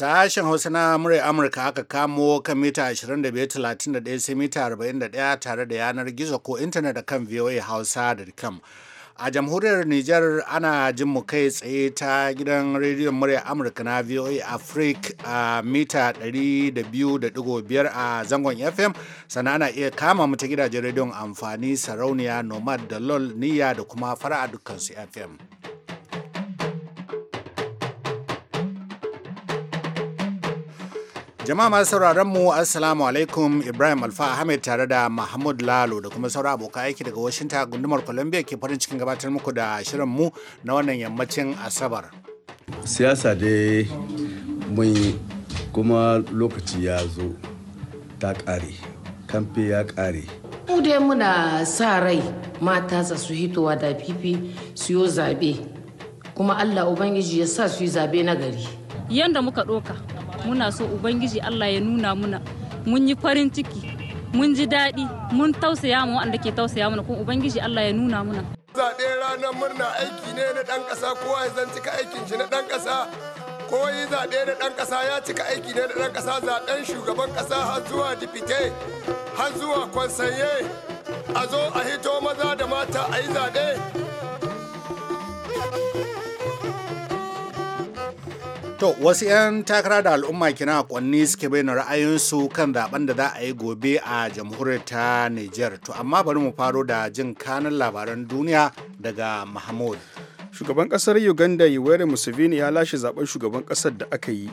Sashen Hausa na murai Amurka aka kamo kan mita 25.31 sai mita 41 tare da yanar gizo ko intanet da kan hausa da kam A jamhuriyar Nijar ana jin mu kai tsaye ta gidan rediyon murya Amurka na VOA Africa a mita 200.5 a zangon FM sannan ana iya kama mu ta gidajen rediyon amfani sarauniya Nomad da LOL Niyya da kuma fara dukkansu FM. Jama'a masu sauraron mu Assalamu alaikum Ibrahim Alfa Ahmed tare da Mahmud Lalo da kuma sauran abokan aiki daga Washington gundumar Columbia ke farin cikin gabatar muku da shirin mu na wannan yammacin Asabar. Siyasa dai mun kuma lokaci ya zo ta ƙare, kamfe ya ƙare. Mu dai muna sa rai mata su hitowa da fifi su yi zabe kuma Allah Ubangiji ya sa su yi zabe na gari. Yanda muka ɗoka muna so ubangiji allah ya nuna muna mun yi farin ciki mun ji daɗi mun tausaya mu wanda ke tausaya mana kuma ubangiji allah ya nuna muna zaɓe ranar murna aiki ne na ɗan ƙasa kowa ya zan cika aikin shi na ɗan ƙasa ko yi zaɓe na ɗan ƙasa ya cika aiki ne na ɗan ƙasa zaɓen shugaban ƙasa har zuwa dipite har zuwa kwansanye a zo a hito maza da mata a yi zaɓe To wasu 'yan takara da al'umma kina kwanni suke bayyana ra'ayinsu kan zaben da za a yi gobe a jamhuriyar ta Nijar. To amma bari mu faro da jin kanan labaran duniya daga Mahmud. Shugaban kasar Uganda Yoweri Museveni ya lashe zaben shugaban kasar da aka yi.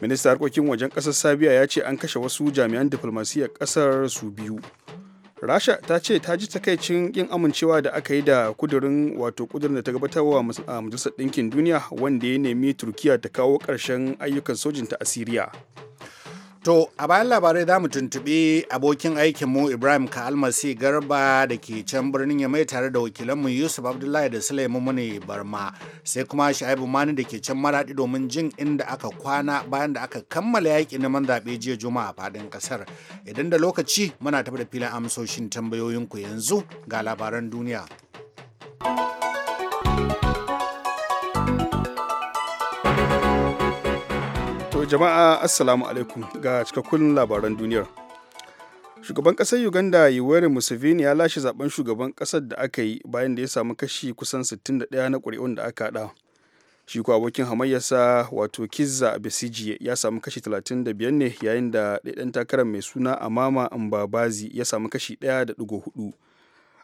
minista harkokin wajen kasar Sabiya ya ce an kashe wasu jami'an diflomasiyyar kasar su biyu. rasha ta ce ta ji takaicin yin amincewa da aka yi da kudurin wato kudurin da ta gabatarwa a majalisar ɗinkin duniya wanda ya nemi turkiya ta kawo ƙarshen ayyukan sojinta a siriya To, a bayan labarai za mu tuntuɓi abokin aikinmu Ibrahim Ka'almasi Garba da ke can birnin ya mai tare da wakilanmu Yusuf Abdullahi da Sulaiman Mune Barma, sai kuma Sha'ibu Mani da ke can maraɗi domin jin inda aka kwana bayan da aka kammala yaƙi neman zaɓe jiya Juma'a a faɗin ƙasar. Idan da lokaci muna tafi da filin amsoshin tambayoyinku yanzu ga labaran duniya. jama'a assalamu alaikum ga cikakkun labaran duniyar shugaban ƙasar uganda yoweri museveni ya lashe zaben shugaban kasar da aka yi bayan da ya samu kashi kusan 61 na kuri'un da aka haɗa shi ko abokin hamayyarsa wato kizza besiji ya samu kashi 35 ne yayin da ɗaiɗan takarar mai suna amama mbabazi ya samu kashi 1.4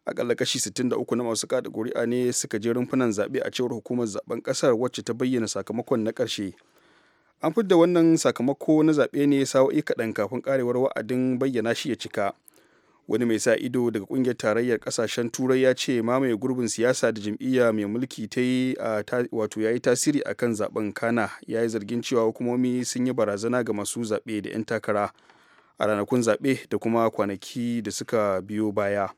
akalla kashi 63 na masu kada kuri'a ne suka je rumfunan zaɓe a cewar hukumar zaben ƙasar wacce ta bayyana sakamakon na ƙarshe an fidda wannan sakamako na zaɓe ne sa'o'i kaɗan kafin karewar wa'adin bayyana shi ya cika wani mai sa ido daga ƙungiyar tarayyar ƙasashen turai ya ce mamaye gurbin siyasa da jam'iyya mai mulki ta yi wato ya yi tasiri kan zaɓen kana ya yi zargin cewa hukumomi sun yi barazana ga masu zaɓe da 'yan takara a ranakun zaɓe da kuma kwanaki da suka biyo baya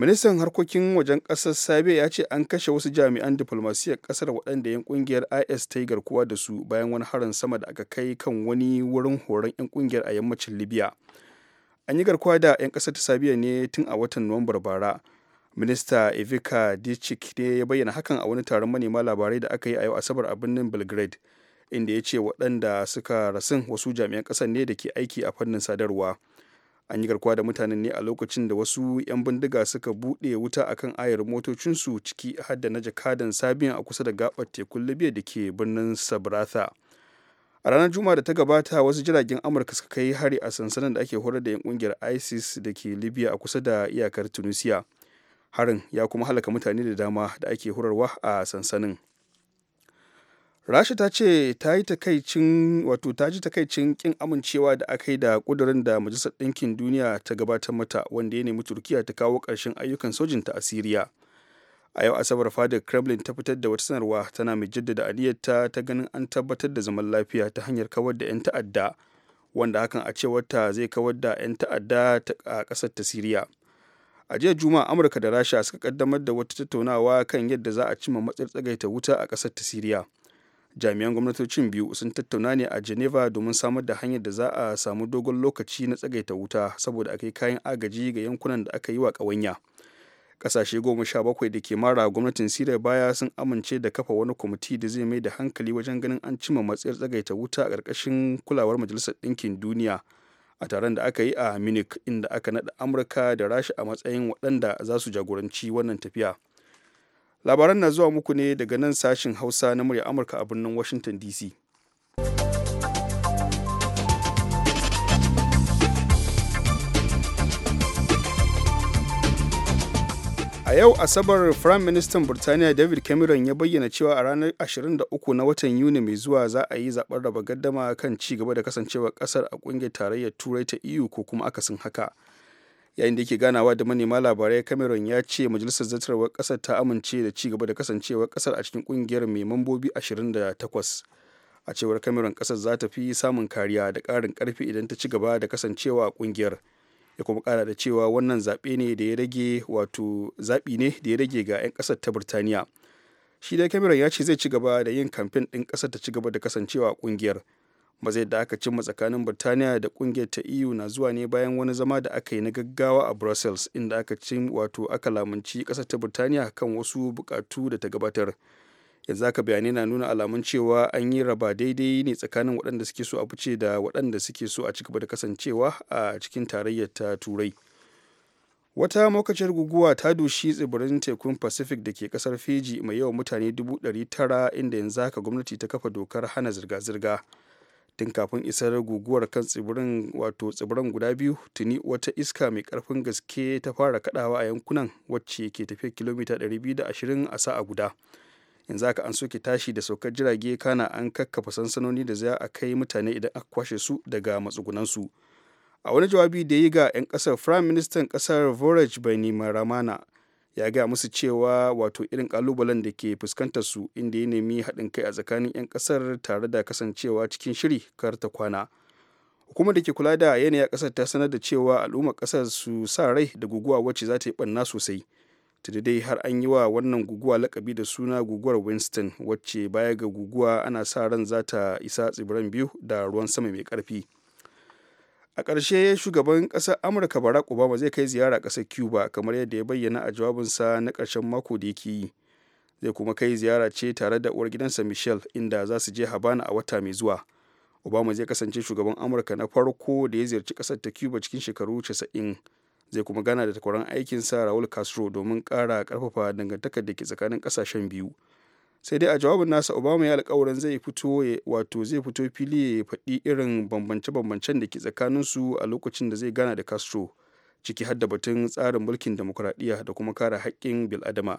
ministan harkokin wajen ƙasar sabiya ya ce an kashe wasu jami'an diplomasiyyar kasar waɗanda 'yan ƙungiyar is ta yi garkuwa da su bayan wani harin sama da aka kai kan wani wurin horon 'yan ƙungiyar a yammacin libya an yi garkuwa da 'yan ƙasar ta sabiya ne tun a watan nuwambar bara minista evika dicik ne ya bayyana hakan a wani taron manema labarai da aka yi a yau asabar a birnin belgrade inda ya ce waɗanda suka rasin wasu jami'an ƙasar ne da ke aiki a fannin sadarwa an yi garkuwa da mutanen ne a lokacin da wasu 'yan bindiga suka buɗe wuta akan ayar motocinsu ciki har da na jakadan sabiyan a kusa da gabar tekun libya da ke birnin sabratha a ranar juma'a da ta gabata wasu jiragen amurka suka kai hari a sansanin da ake horar da 'yan kungiyar isis da ke libya a kusa da iyakar tunisia harin ya kuma halaka mutane da dama da ake horarwa a sansanin rasha ta ce ta yi takaicin wato ta ji takaicin kin amincewa da aka yi da kudurin da majalisar ɗinkin duniya ta gabatar mata wanda ya nemi turkiya ta kawo ƙarshen ayyukan sojinta a siriya a yau asabar fadar kremlin ta fitar da wata sanarwa tana mai jaddada aniyarta ta ganin an tabbatar da zaman lafiya ta hanyar kawar da 'yan ta'adda wanda hakan a ta zai kawar da 'yan ta'adda a ƙasar ta siriya a jiya juma'a amurka da rasha suka kaddamar da wata tattaunawa kan yadda za a cimma matsar tsagaita wuta a kasar ta siriya jami'an gwamnatocin biyu sun tattauna ne a geneva domin samar da hanyar da za a samu dogon lokaci na tsagaita wuta saboda akai kayan agaji ga yankunan da aka yi wa ƙawanya ƙasashe goma sha bakwai da ke mara gwamnatin siriya baya sun amince da kafa wani kwamiti da zai mai da hankali wajen ganin an cimma matsayar tsagaita wuta a ƙarƙashin kulawar majalisar ɗinkin duniya a taron da aka yi a munich inda aka naɗa amurka da rasha a matsayin waɗanda za su jagoranci wannan tafiya labaran na zuwa muku ne daga nan sashin hausa na murya amurka a birnin washington dc a yau asabar prime minister burtaniya david cameron ya bayyana cewa a ranar 23 na watan yuni mai zuwa za a yi zaɓen raba gaddama kan ci gaba da kasancewa kasar a ƙungiyar tarayyar turai ta eu ko kuma akasin haka yayin da yake ganawa da manema labarai cameron ya ce majalisar zartarwar kasar ta amince da ci gaba da kasancewar kasar a cikin kungiyar mai mambobi 28 a cewar cameron kasar za ta fi samun kariya da karin karfi idan ta ci gaba da kasancewa a kungiyar ya kuma ƙara da cewa wannan zaɓe ne da ya rage wato zaɓi ne da ya rage ga 'yan kasar ta birtaniya shi dai cameron ya ce zai ci gaba da yin kamfen ɗin kasar ta ci gaba da kasancewa a kungiyar mazai da aka cimma tsakanin birtaniya da kungiyar ta eu na zuwa ne bayan wani zama da aka yi na gaggawa a brussels inda aka cin wato aka lamunci kasar ta birtaniya kan wasu bukatu da ta gabatar yanzu aka bayanai na nuna alamun cewa an yi raba daidai ne tsakanin waɗanda suke so a fice da waɗanda suke so a cigaba da kasancewa a cikin tarayyar ta turai wata maukaciyar guguwa ta dushi tsibirin tekun pacific da ke kasar fiji mai yawan mutane 900 inda yanzu haka gwamnati ta kafa dokar hana zirga-zirga tun kafin isar guguwar kan tsibirin wato tsibiran guda biyu tuni wata iska mai karfin gaske ta fara kadawa a yankunan wacce ke tafiya kilomita 220 a sa'a guda yanzu haka an soke tashi da saukar jirage kana an kakkafa sansanoni da za a kai mutane idan aka kwashe su daga matsugunansu a wani jawabi da yi ga 'yan kasar firayim minister kasar voraj bani ramana. ya gaya musu cewa wato irin kalubalen da ke fuskantar su inda ya nemi haɗin kai a tsakanin 'yan ƙasar tare da kasancewa cikin shiri kar ta kwana hukumar da ke kula da yanayi a ƙasar ta sanar da cewa al'ummar ƙasar su sa rai da guguwa wacce za ta yi ɓanna sosai tunda dai har an yi wa wannan guguwa lakabi da suna guguwar winston wacce baya ga guguwa ana sa ran za ta isa tsibiran biyu da ruwan sama mai ƙarfi a ƙarshe shugaban ƙasar amurka barack obama zai kai ziyara ƙasar cuba kamar yadda ya bayyana a jawabinsa na ƙarshen mako da yake yi zai kuma kai ziyara ce tare da uwar gidansa michelle inda za su je habana a wata mai zuwa obama zai kasance shugaban amurka na farko da ya ziyarci ƙasar ta cuba cikin shekaru 90 zai kuma gana da takwaran aikinsa raul castro domin ƙara ƙarfafa dangantakar da ke tsakanin ƙasashen biyu sai dai a jawabin nasa obama ya alkawarin zai fito wato zai fito fili ya faɗi irin bambance-bambancen da ke su a lokacin da zai gana da castro ciki har da batun tsarin mulkin demokuraɗiyya da kuma kare haƙƙin biladama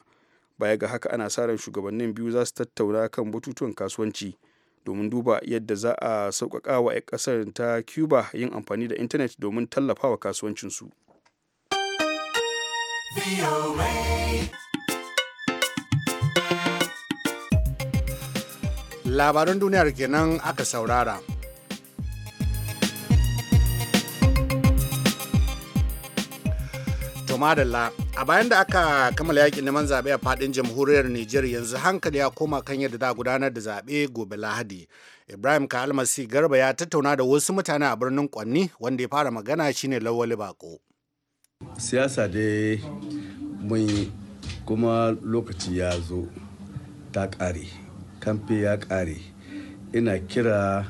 baya ga haka ana sa ran shugabannin biyu za su tattauna kan batutuwan kasuwanci domin duba yadda za a sauƙaƙa wa 'yan ƙasar ta cuba yin amfani da intanet domin tallafawa kasuwancinsu. labaran duniyar kenan aka saurara. madalla a bayan da aka kammala yakin neman zaɓe a faɗin jamhuriyar Nijar yanzu hankali ya koma kan yadda za gudanar da zaɓe gobe Lahadi. Ibrahim Ka Almasi Garba ya tattauna da wasu mutane a birnin Kwanni wanda ya fara magana shine Lawali Bako. Siyasa dai mun kuma lokaci ya zo ta ƙare. kamfe ya ƙare ina kira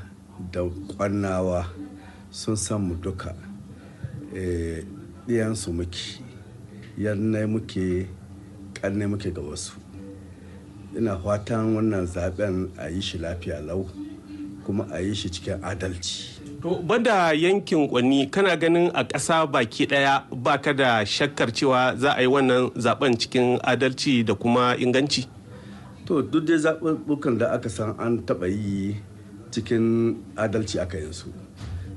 da ƙwannawa sun san mu duka eh, ɗiyansu muke yannai muke ƙanne muke ga wasu ina fatan wannan zaben a yi shi lafiya lau kuma a yi shi cikin adalci To bada yankin kwanni kana ganin a ƙasa baki ɗaya baka da shakkar cewa za a yi wannan zaben cikin adalci da kuma inganci? to duk dai zaɓuɓɓukan da aka san an taɓa yi cikin adalci aka yin su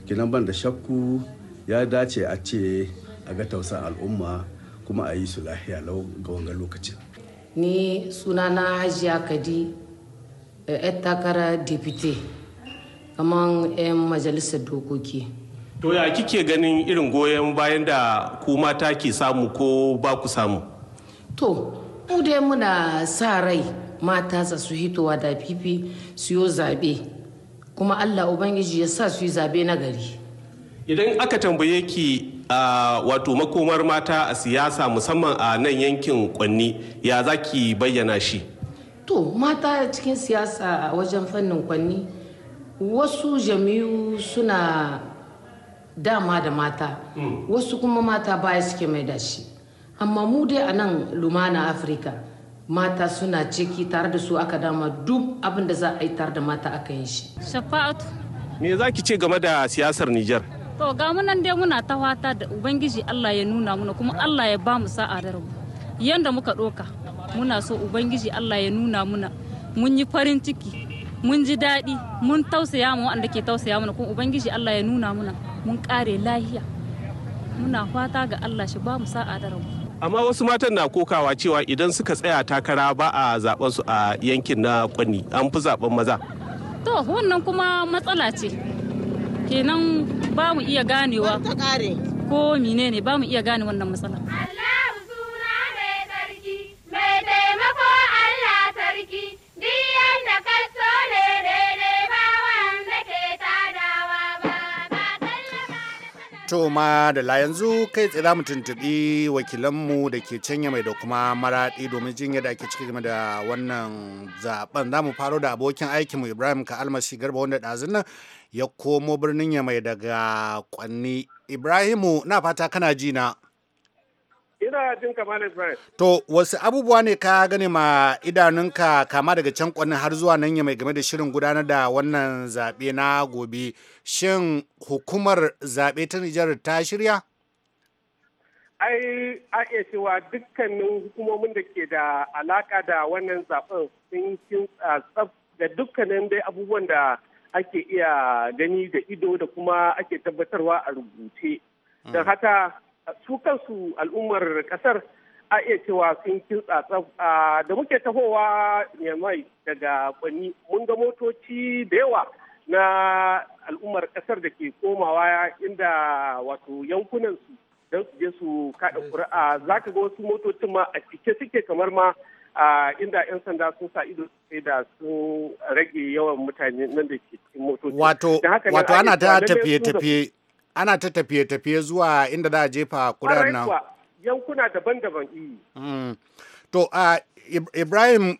kinan ban da shakku ya dace a ce a ga tausan al'umma kuma a yi su lahiya lau ga wanga lokacin ni sunana hajiya kadi eh, yar takara depute kamar 'yan majalisar dokoki to ya kike ganin irin goyon bayan da ku mata ke samu ko ba ku samu to mu dai muna sa rai mata za su hitowa da fifi su zaɓe zabe kuma allah ubangiji ya sa su yi zabe na gari idan aka tambaye ki a wato makomar mata a siyasa musamman a nan yankin kwanni ya za ki bayyana shi to mata cikin siyasa a wajen fannin kwanni wasu jami'u suna dama da mata hmm. wasu kuma mata baya suke mai da amma mu dai a nan lumana afirka mata suna ciki tare da su aka dama duk abin da za a yi tare da mata aka yi shi. Shafa'atu. Me za ki ce game da siyasar Nijar? To ga munan dai muna ta fata da Ubangiji Allah ya nuna muna kuma Allah ya ba mu sa'a da rabu. Yanda muka ɗoka muna so Ubangiji Allah ya nuna muna mun yi farin ciki mun ji daɗi mun tausaya mu wanda ke tausaya mana kuma Ubangiji Allah ya nuna muna mun ƙare lahiya. Muna fata ga Allah shi ba mu sa'a da rabu. amma wasu matan na kokawa cewa idan suka tsaya takara ba a zaben su a yankin na kwani an fi zaben maza to wannan kuma matsala ce kenan ba mu iya ganewa ko menene ba mu iya gane wannan matsala To ma da la yanzu kai tsaye za mu tuntuɓi wakilanmu da ke canya mai da kuma maraɗi domin jin yadda ake ciki game da wannan zaben. Za mu faro da abokin aikinmu Ibrahim ka almasi garba wanda ɗazun nan ya komo birnin ya mai daga kwanni. Ibrahimu na fata kana ji na. Ina jin To wasu abubuwa ne ka gani ma idanunka kama daga can kwanin har zuwa nan ya mai game da shirin gudanar da wannan zaɓe na gobe. Shin hukumar zaɓe ta Nijar ta shirya? Ai a iya cewa dukkanin hukumomin da ke da alaka da wannan zaɓen sun tsaf da dukkanin dai abubuwan da ake iya gani da ido da kuma ake tabbatarwa a rubuce. Don mm. haka su kansu al'ummar kasar a iya cewa sun kintsa da muke tahowa mai daga kwani mun ga motoci da yawa na al'ummar kasar da ke komawa inda wato su don su je su kaɗa kuri'a za ka ga wasu motocin ma a cike suke kamar ma inda 'yan sanda sun sa ido sai da sun rage yawan mutane nan da ke cikin motoci wato ana ta tafiye-tafiye ana ta tafiye-tafiye zuwa inda za a jefa ƙuri'ar nan yankuna daban-daban iyi eh. mm. to ibrahim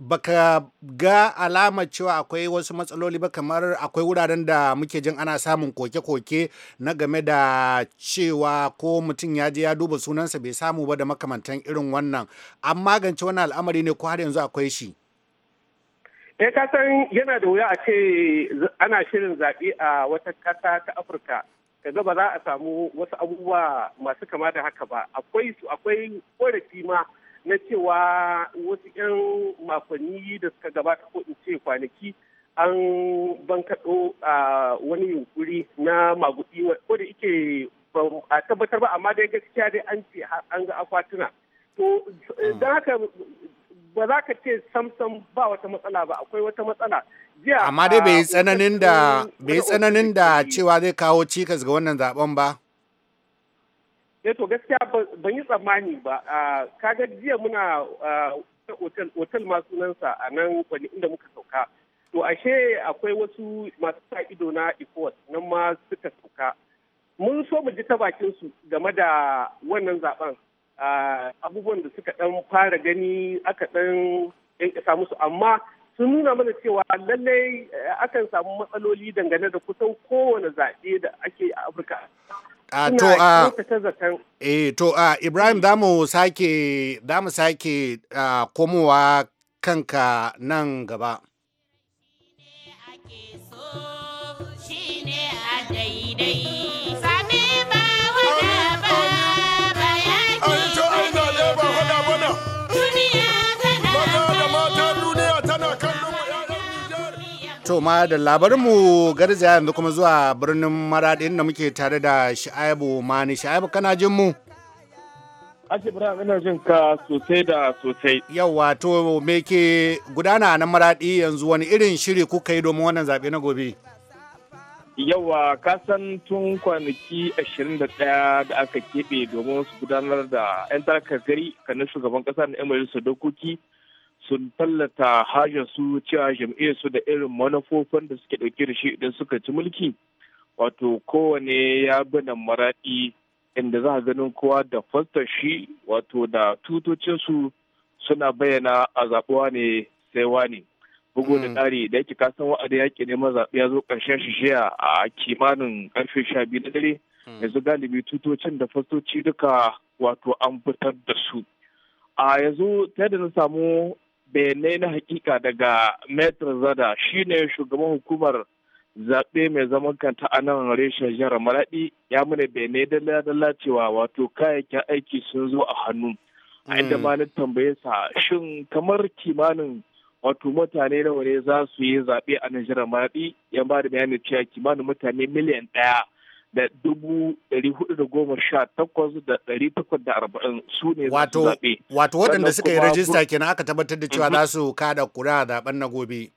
baka ga alamar cewa akwai wasu matsaloli ba kamar akwai wuraren da muke jin ana samun koke-koke na game da cewa ko mutum ya je ya duba sunansa bai samu ba da makamantan irin wannan an magance wani al'amari ne ko har yanzu akwai shi Eh kasan yana da wuya a ce ana shirin zaɓe a wata ƙasa ta Afirka. Kaga ba za a samu wasu abubuwa masu kama da haka ba. Akwai su akwai korafi ma na cewa wasu 'yan makonni da suka gabata ko in ce kwanaki an bankaɗo wani yunkuri na maguɗi ko da ike a tabbatar ba amma dai gaskiya dai an ce an ga akwatuna. To mm. don haka ba za ka ce samsam ba wata matsala ba akwai wata matsala amma dai bai tsananin da tsananin da cewa zai kawo cikas ga wannan zaben ba eh to gaskiya ban yi tsammani ba kaga jiya muna otal masu nan sunansa a nan wani inda muka sauka to ashe akwai wasu masu sa ido na ecowas nan ma suka sauka mun so mu ji ta bakin su game da wannan zaben abubuwan da suka ɗan fara gani aka ɗan yankasa musu amma sun nuna mana cewa lallai eh, akan samu matsaloli dangane da kusan kowane zaɓe da ake a Afirka. a to a eh to a Ibrahim damu sake damu sake komowa kanka nan gaba. Shi a daidai. To ma da labarinmu garzaya yanzu kuma zuwa birnin maraɗin inda muke tare da Sha'ibu Mani. Sha'ibu kana jin mu? Ashibra ina jin ka sosai da sosai. Yau, wato me ke gudana na maraɗi yanzu wani irin shiri kuka yi domin wannan zaɓe na gobe? ka kasan tun kwanaki 21 da aka keɓe domin su gudanar da 'yan tarakar gari kanin shugaban ƙasa na 'yan dokoki. sun tallata su cewa jam'iyyar su da irin manufofin da suke ɗauke da shi idan suka ci mulki wato kowane ya bana maraɗi inda za a ganin kowa da fasta shi wato da su suna bayyana a zaɓuwa ne sai wani bugu da hmm. ƙari da yake kasan wa'adin yaƙi neman zaɓe ya zo ƙarshen shi a kimanin ƙarfe sha biyu na dare hmm. yanzu galibi tutocin da fastoci duka wato an fitar da su a yanzu ta yadda na samu bayanai na hakika daga metro zada shine shugaban hukumar zaɓe mai zaman kanta a nan reshen jihar maraɗi ya mana bayanai dalla-dalla cewa wato kayayyakin aiki sun zo a hannu a inda mm. ma na tambaye sa shin kamar kimanin wato mutane nawa ne za su yi zaɓe a nan jihar maraɗi ya ba da bayanin cewa kimanin mutane miliyan ɗaya da dubu ɗari hudu da goma sha takwas da ɗari takwas da arba'in su ne wato wato waɗanda suka yi rajista kenan aka tabbatar da cewa za mhm. su kada kura zaben na gobe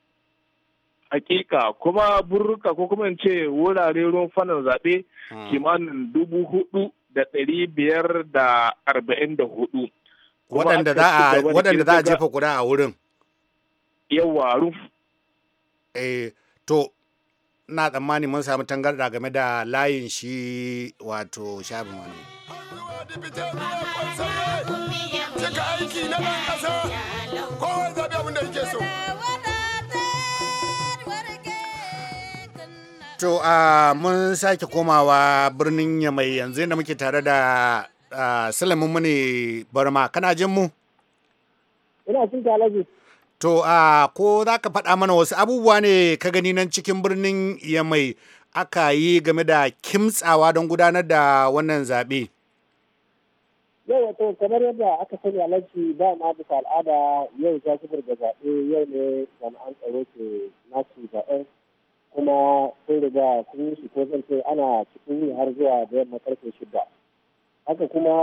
hakika kuma burruka ko kuma in ce wurare ruwan fannin zaɓe hmm. kimanin dubu hudu da ɗari biyar da arba'in da hudu waɗanda za a jefa kura a wurin yawa ruf eh to na tsammani mun samu tangarda game da layin shi wato shafin wani aiki na ɗan ƙasa so To a mun sake komawa birnin mai yanzu yadda muke tare da Sulaiman Mune Barma kana jin mu? Ina jin alaji. To a ko za ka faɗa mana wasu abubuwa ne ka gani nan cikin birnin Yamai aka yi game da kimtsawa don gudanar da wannan zaɓe. Yau to kamar yadda aka sani lanci ba ma bisa al'ada yau su burga zaɓe yau ne jami'an tsaro ke nasu zaɓen kuma sun riga sun yi shi ko zan ce ana cikin yi har zuwa da yamma karfe shida. Haka kuma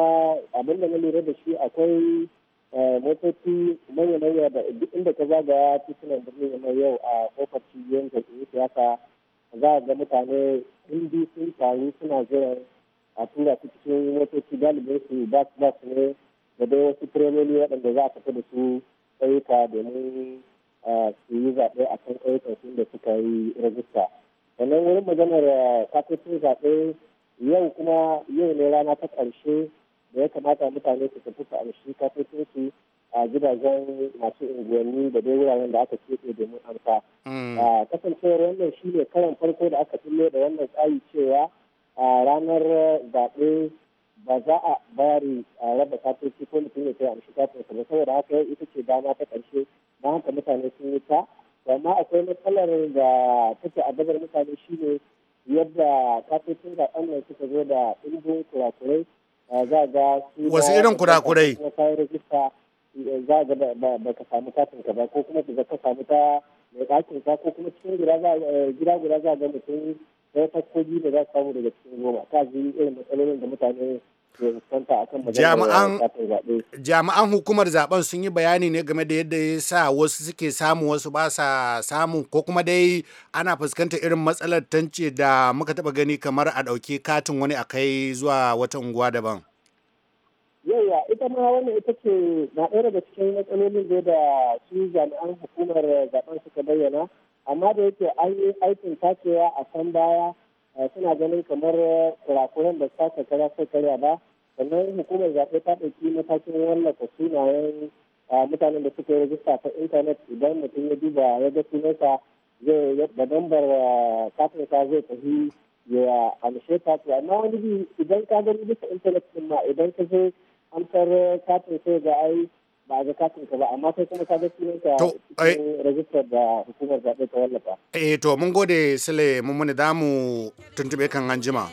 abinda na lura da shi akwai Eh, motoci mai manya da duk inda ka zagaya titunan birni na yau a kofar cibiyoyin jam'iyyar siyasa za a ga mutane hindi sun taru suna jiran a tura su cikin motoci galibin su bas bas ne da dai wasu tremoli waɗanda za a tafi da su ƙauyuka domin su yi zaɓe a kan ƙauyukan su da suka yi rajista sannan wurin maganar eh, kafofin zaɓe yau kuma yau ne rana ta ƙarshe da ya kamata mutane su tafi su amshi katotoci a gidajen masu unguwanni da dai wuraren da aka keɓe domin amsa. Mm. Kasancewar wannan shi ne karan farko da aka fillo da wannan tsari cewa a ranar zaɓe ba za a bari a raba katoci ko mutum ya kai amshi ta ba saboda haka yau ita ce dama ta ƙarshe na haka mutane sun yi ta amma akwai matsalar da take adabar mutane shi ne yadda kafofin zaɓen nan suka zo da ɗimbin kurakurai za ga wasu irin kurakurai eh, za ga ba ka samu katin ka ba ko kuma ka ka samu ta mai ɗakin ka ko kuma cikin gida eh, gida guda za ga mutum ɗaya takobi da za su samu daga cikin goma ka ji irin matsalolin da mutane jami'an hukumar zaben sun yi bayani ne game da yadda ya sa wasu suke samu wasu ba sa samu ko kuma dai ana fuskanta irin matsalar tance da muka taba gani kamar a ɗauki katin wani a kai zuwa wata unguwa daban yaya ita ma wannan ita ce na ɗaya daga cikin matsalolin da da su jami'an hukumar zaben suka bayyana amma da yake an yi aikin tacewa a san baya eh, suna ganin kamar kurakuran da suka kara sai karya ba sannan hukumar zaɓe ta ɗauki matakin wallafa sunayen mutanen da suka yi rajista ta intanet idan mutum ya duba ya ga sunansa zai da lambar katinsa zai tafi ya amshe ta to amma wani bi idan ka gani duka intanet ɗin ma idan ka je amsar katin sai ga ai ba ga katin ka ba amma sai kuma ka ga sunanka cikin rajistar da hukumar zaɓe ta wallafa. Eh to mun gode Sule mun muni damu tuntuɓe kan anjima.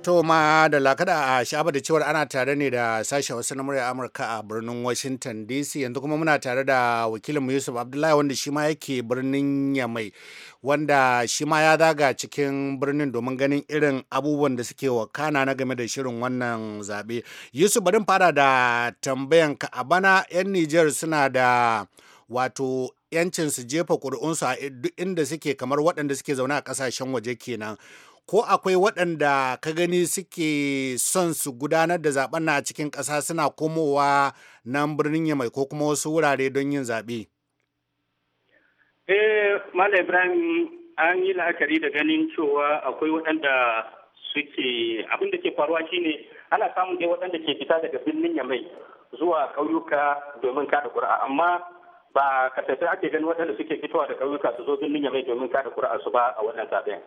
To ma da lakada a sha'aba da cewar ana tare ne da sashen wasu na murya Amurka a birnin Washington DC yanzu kuma muna tare da wakilinmu Yusuf Abdullahi wanda shi ma yake birnin Yamai wanda shi ma ya zaga cikin birnin domin ganin irin abubuwan da suke wakana na game da shirin wannan zabe Yusuf bari fara da tambayan ka a bana 'yan Nijar suna da wato yancin su jefa ƙuri'unsu a duk inda suke kamar waɗanda suke zaune a kasashen waje kenan ko akwai waɗanda ka gani suke son su gudanar da zaben na cikin ƙasa suna komowa nan birnin yamai ko kuma wasu wurare don yin zaɓe? eh mala ibrahim an yi la'akari da ganin cewa akwai waɗanda suke abinda ke faruwa shine ana samun dai waɗanda ke fita daga birnin yamai zuwa ƙauyuka domin kada ƙuri'a amma ba kasafai ake ganin waɗanda suke fitowa da ƙauyuka su zo birnin yamai domin kada ƙuri'a su ba a wannan zaɓen.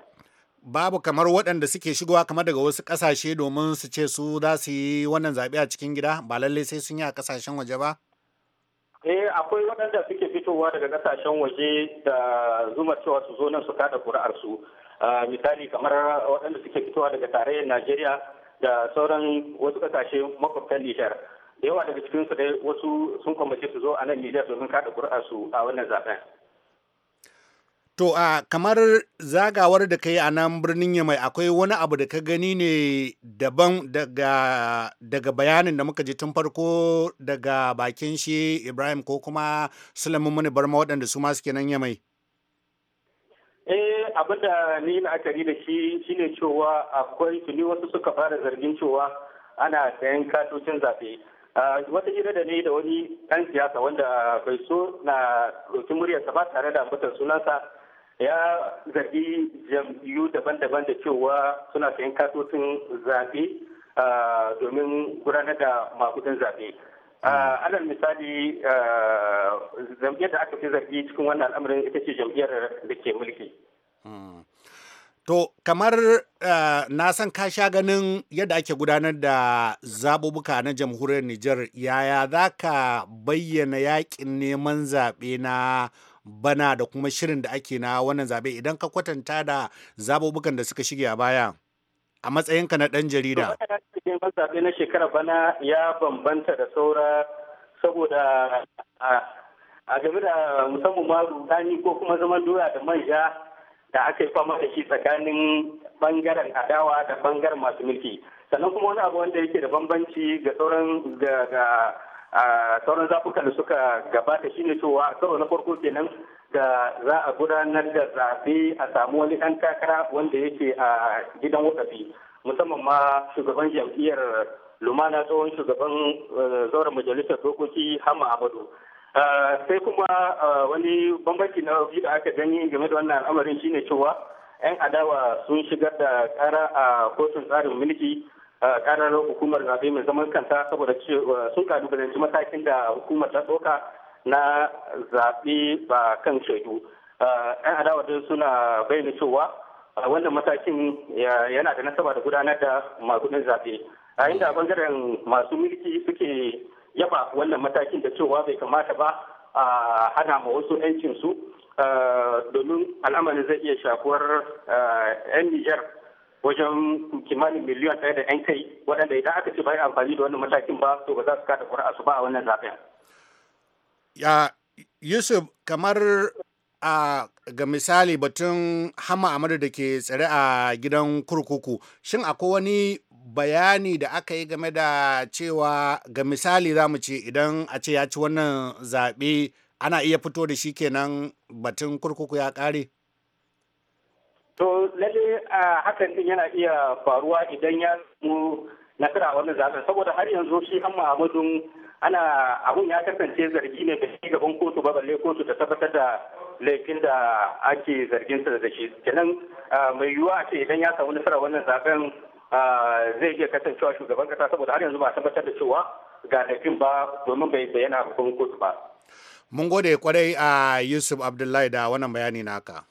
babu kamar waɗanda suke shigowa kamar daga wasu ƙasashe domin su ce su za su yi wannan zaɓe a cikin gida ba lallai sai sun yi a ƙasashen waje ba? Eh akwai waɗanda suke fitowa daga ƙasashen waje da zuma cewa su zo nan su kada ƙuri'arsu. Ah, misali kamar waɗanda suke fitowa daga tarayyar Najeriya da sauran wasu ƙasashe makwabtan Nijar. Da yawa daga cikinsu dai wasu sun kwamace su zo a nan Nijar domin kada ƙuri'arsu a wannan zaɓen. To a kamar zagawar da ka yi a nan birnin Yamai akwai wani abu da ka gani ne daban daga, daga bayanin da muka ji tun farko daga bakin shi Ibrahim ko kuma Sulaiman mini Barma waɗanda su ma suke nan Yamai. Eh abin da ni la'akari da shi shine cewa akwai tuni wasu suka fara zargin cewa ana sayan katocin zaɓe. wata hira da ne da wani ɗan siyasa wanda bai so na ɗauki muryarsa ba tare da ambatar sunansa ya zargi jam'iyyu daban-daban da cewa suna sayan katotin zaɓe domin gudanar da makudin zaɓe. alal misali jam'iyyar da aka fi zargi cikin wannan al'amarin ita ce jam'iyyar da ke mulki. Hmm. To, kamar na san ka sha ganin yadda ake gudanar da zabubuka na jamhuriyar Nijar, yaya za ka bayyana yaƙin neman zaɓe na bana da kuma shirin da ake na wannan zaɓe idan ka kwatanta da zabubukan da suka shige a baya a matsayinka na ɗan jarida. zaɓe na shekarar bana ya bambanta da saura saboda a game da musamman ma rudani ko kuma zaman doya da manja da aka yi fama da shi tsakanin bangaren adawa da bangaren masu mulki sannan kuma wani abu wanda yake da bambanci ga sauran ga sauran zafukan da suka gabata shine cewa a karo na farko kenan da za a gudanar da zaɓe a samu wani ɗan takara wanda yake a gidan wakafi musamman ma shugaban jam'iyyar lumana tsohon shugaban eh, zauren majalisar dokoki hama abadu eh, sai kuma eh, wani bambanci na biyu da aka gani game da wannan al'amarin shine cewa 'yan adawa sun shigar da kara a kotun tsarin miliki. kananan hukumar zaɓe mai zaman kanta saboda sun kalubalanci matakin da hukumar ta ɗauka na zaɓe ba kan shaidu. 'Yan adawa suna bayyana cewa wannan matakin yana da nasaba da gudanar da makudin zaɓe. A inda bangaren masu mulki suke yaba wannan matakin da cewa bai kamata ba a hana ma wasu 'yancinsu domin al'amarin zai iya shafuwar 'yan Nijar wajen kimanin miliyan ɗaya da 'yan kai waɗanda idan aka ce bai amfani da wannan matakin ba to ba za su kada ƙura'a su ba a wannan zaɓen. Ya Yusuf kamar a ga misali batun hama amadu da ke tsare a gidan kurkuku shin akwai wani bayani da aka yi game da cewa ga misali za mu ce idan a ce ya ci wannan zaɓe ana iya fito da shi kenan batun kurkuku ya ƙare? To lalle hakan din yana iya faruwa idan ya mu nasara a wannan zaben saboda har yanzu shi an amadu ana abun ya kasance zargi ne da shi gaban kotu ba balle kotu ta tabbatar da laifin da ake zargin sa da shi kenan mai yiwuwa ce idan ya samu nasara wannan zaben zai iya kasancewa shugaban kasa saboda har yanzu ba tabbatar da cewa ga laifin ba domin bai bayyana hukumar kotu ba. Mun gode kwarai a Yusuf Abdullahi da wannan bayani naka.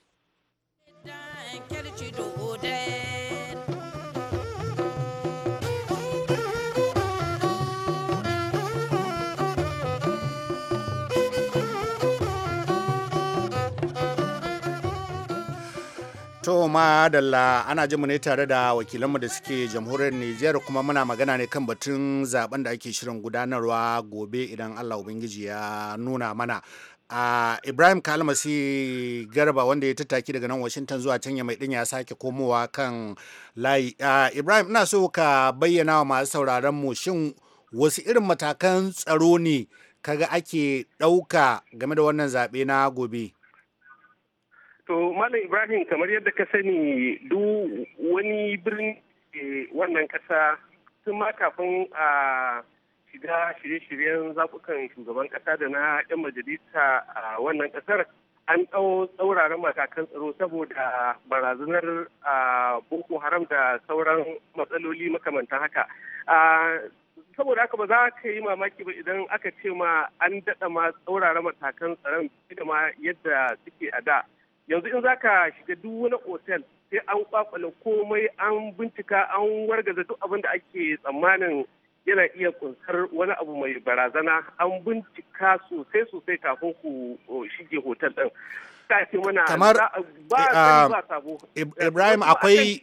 To madalla ana jin mu ne tare da wakilanmu da suke jamhuriyar Nijar kuma muna magana ne kan batun zaben da ake shirin gudanarwa gobe idan Allah Ubangiji ya nuna mana. Uh, Ibrahim Kalmasi Garba wanda ya tattaki daga nan Washington zuwa can ya mai din ya sake komowa kan layi. Uh, Ibrahim ina so ka bayyana wa masu sauraron mu shin wasu irin matakan tsaro ne kaga ake ɗauka game da wannan zaɓe na gobe. To Malam Ibrahim kamar yadda ka sani duk wani birni eh, wannan kasa tun ma kafin a shiga shirye-shiryen zaɓukan shugaban kasa da na 'yan majalisa a wannan kasar an ɗau tsauraran matakan tsaro saboda barazanar boko haram da sauran matsaloli makamantan haka. saboda haka ba za ka yi mamaki ba idan aka ce ma an daɗa ma tsauraran matakan tsaron da ma yadda suke a da. yanzu in zaka shiga duk wani otel sai an kwakwale komai an bincika an wargaza duk abin da ake tsammanin yana iya kunsar wani abu mai barazana an bincika sosai sosai kafin ku shige hotel din kamar eh, ah, ibrahim akwai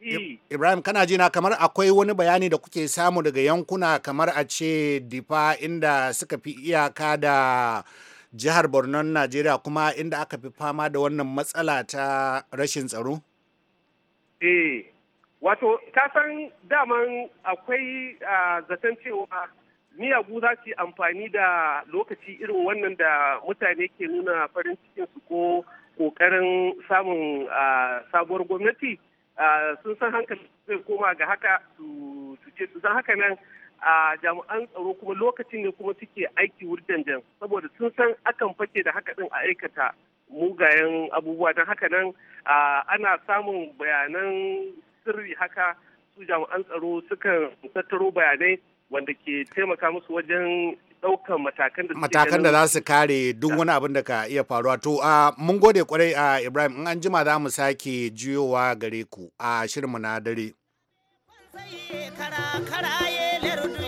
eh. Ibrahim kana jina kamar akwai wani bayani da kuke samu daga yankuna kamar a ce difa inda suka fi iyaka da jihar borno najeriya kuma inda aka fi fama da wannan matsala ta rashin tsaro eh wato kasan daman akwai zaton cewa miyagu za su yi amfani da lokaci irin wannan da mutane ke nuna farin cikinsu ko kokarin samun sabuwar gwamnati sun san hankali zai koma ga haka su ce su san haka nan a jami'an tsaro kuma lokacin ne kuma suke aiki wurjanjan saboda sun san akan fake da haka din a aikata mugayen abubuwa don haka nan ana samun bayanan sirri haka su jami'an tsaro sukan tattaro bayanai wanda ke taimaka musu wajen ɗaukan matakan da matakan da za su kare duk wani abin da ka iya faruwa to a mun gode kwarai a ibrahim in an jima za mu sake juyowa gare ku a shirinmu na dare sai kara kara ye lerudu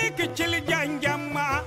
sai ka cil jangama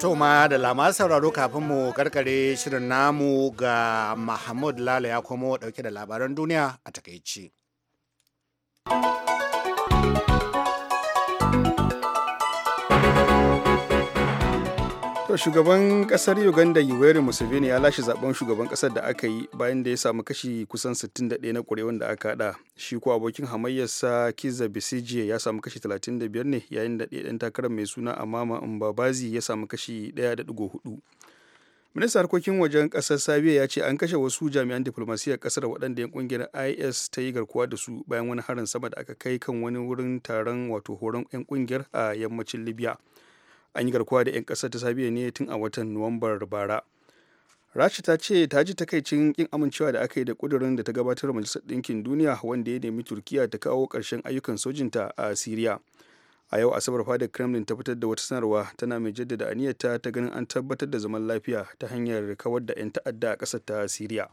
To ma da lama sauraro kafin mu karkare shirin namu ga Mahmud Lala ya komo dauke da labaran duniya a takaici. To shugaban kasar Uganda Yoweri Museveni ya lashe zaben shugaban kasar da aka yi bayan da ya samu kashi kusan 61 na ƙuri'un da aka hada Shi ko abokin hamayyarsa Kiza Besigye ya samu kashi 35 ne yayin da ɗaya ɗan takarar mai suna Amama Mbabazi ya samu kashi 1.4. Ministan harkokin wajen kasar Sabiya ya ce an kashe wasu jami'an diplomasiyyar kasar waɗanda yan kungiyar IS ta yi garkuwa da su bayan wani harin sama da aka kai kan wani wurin taron wato horon 'yan kungiyar a yammacin Libya. an yi garkuwa da 'yan ƙasar ta sabiya ne tun a watan nuwambar bara rasha ta ce ta ji takaicin kin amincewa da aka yi da kudurin da ta gabatar majalisar ɗinkin duniya wanda ya nemi turkiya ta kawo ƙarshen ayyukan sojinta a siriya a yau asabar fadar kremlin ta fitar da wata sanarwa tana mai jaddada aniyarta ta ganin an tabbatar da zaman lafiya ta hanyar kawar da 'yan ta'adda a ƙasar ta siriya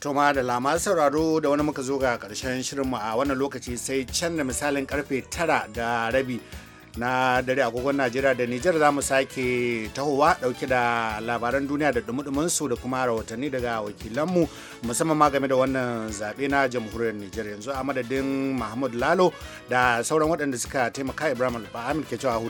to da lama sauraro da wani muka zo ga karshen shirinmu a wannan lokaci sai can da misalin karfe tara da rabi na dare agogon najeriya da nijar za mu sake tahowa dauke da labaran duniya da su da kuma rahotanni daga wakilanmu musamman ma game da wannan zaɓe na jamhuriyar nijar yanzu a madadin Muhammad lalo da sauran waɗanda suka taimaka ibrahim ba'amir ke cewa